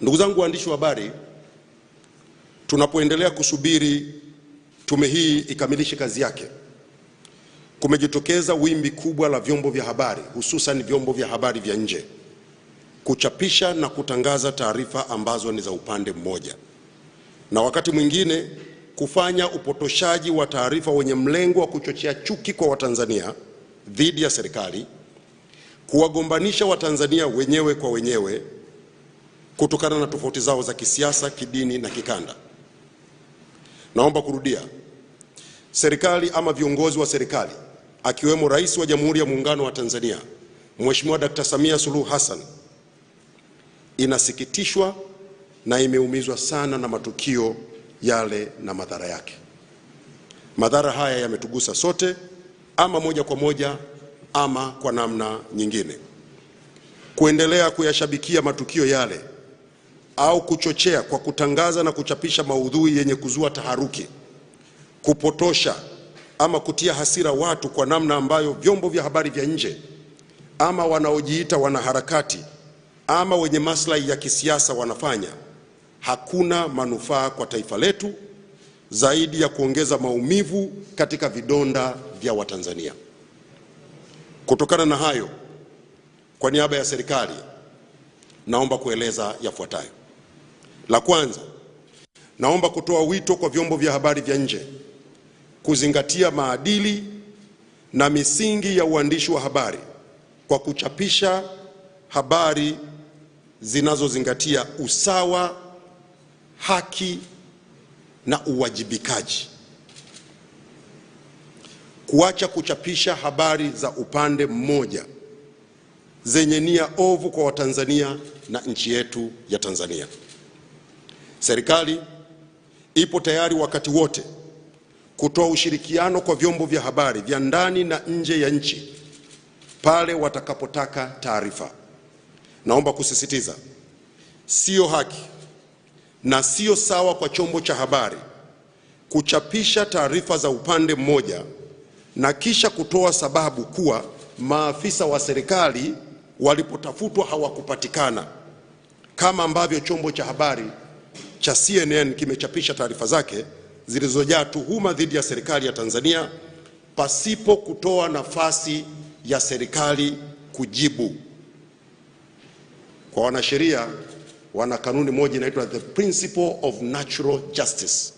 Ndugu zangu waandishi wa habari, tunapoendelea kusubiri tume hii ikamilishe kazi yake, kumejitokeza wimbi kubwa la vyombo vya habari, hususan vyombo vya habari vya nje kuchapisha na kutangaza taarifa ambazo ni za upande mmoja, na wakati mwingine kufanya upotoshaji wa taarifa wenye mlengo wa kuchochea chuki kwa Watanzania dhidi ya serikali, kuwagombanisha Watanzania wenyewe kwa wenyewe kutokana na tofauti zao za kisiasa, kidini na kikanda. Naomba kurudia, serikali ama viongozi wa serikali akiwemo Rais wa Jamhuri ya Muungano wa Tanzania Mheshimiwa Dkt. Samia Suluhu Hassan inasikitishwa na imeumizwa sana na matukio yale na madhara yake. Madhara haya yametugusa sote, ama moja kwa moja ama kwa namna nyingine. Kuendelea kuyashabikia matukio yale au kuchochea kwa kutangaza na kuchapisha maudhui yenye kuzua taharuki, kupotosha ama kutia hasira watu kwa namna ambayo vyombo vya habari vya nje ama wanaojiita wanaharakati ama wenye maslahi ya kisiasa wanafanya, hakuna manufaa kwa taifa letu zaidi ya kuongeza maumivu katika vidonda vya Watanzania. Kutokana na hayo, kwa niaba ya serikali naomba kueleza yafuatayo. La kwanza, naomba kutoa wito kwa vyombo vya habari vya nje kuzingatia maadili na misingi ya uandishi wa habari kwa kuchapisha habari zinazozingatia usawa, haki na uwajibikaji, kuacha kuchapisha habari za upande mmoja zenye nia ovu kwa Watanzania na nchi yetu ya Tanzania. Serikali ipo tayari wakati wote kutoa ushirikiano kwa vyombo vya habari vya ndani na nje ya nchi pale watakapotaka taarifa. Naomba kusisitiza, sio haki na sio sawa kwa chombo cha habari kuchapisha taarifa za upande mmoja na kisha kutoa sababu kuwa maafisa wa serikali walipotafutwa hawakupatikana kama ambavyo chombo cha habari cha CNN kimechapisha taarifa zake zilizojaa tuhuma dhidi ya serikali ya Tanzania pasipo kutoa nafasi ya serikali kujibu. Kwa wanasheria wana kanuni moja inaitwa the principle of natural justice,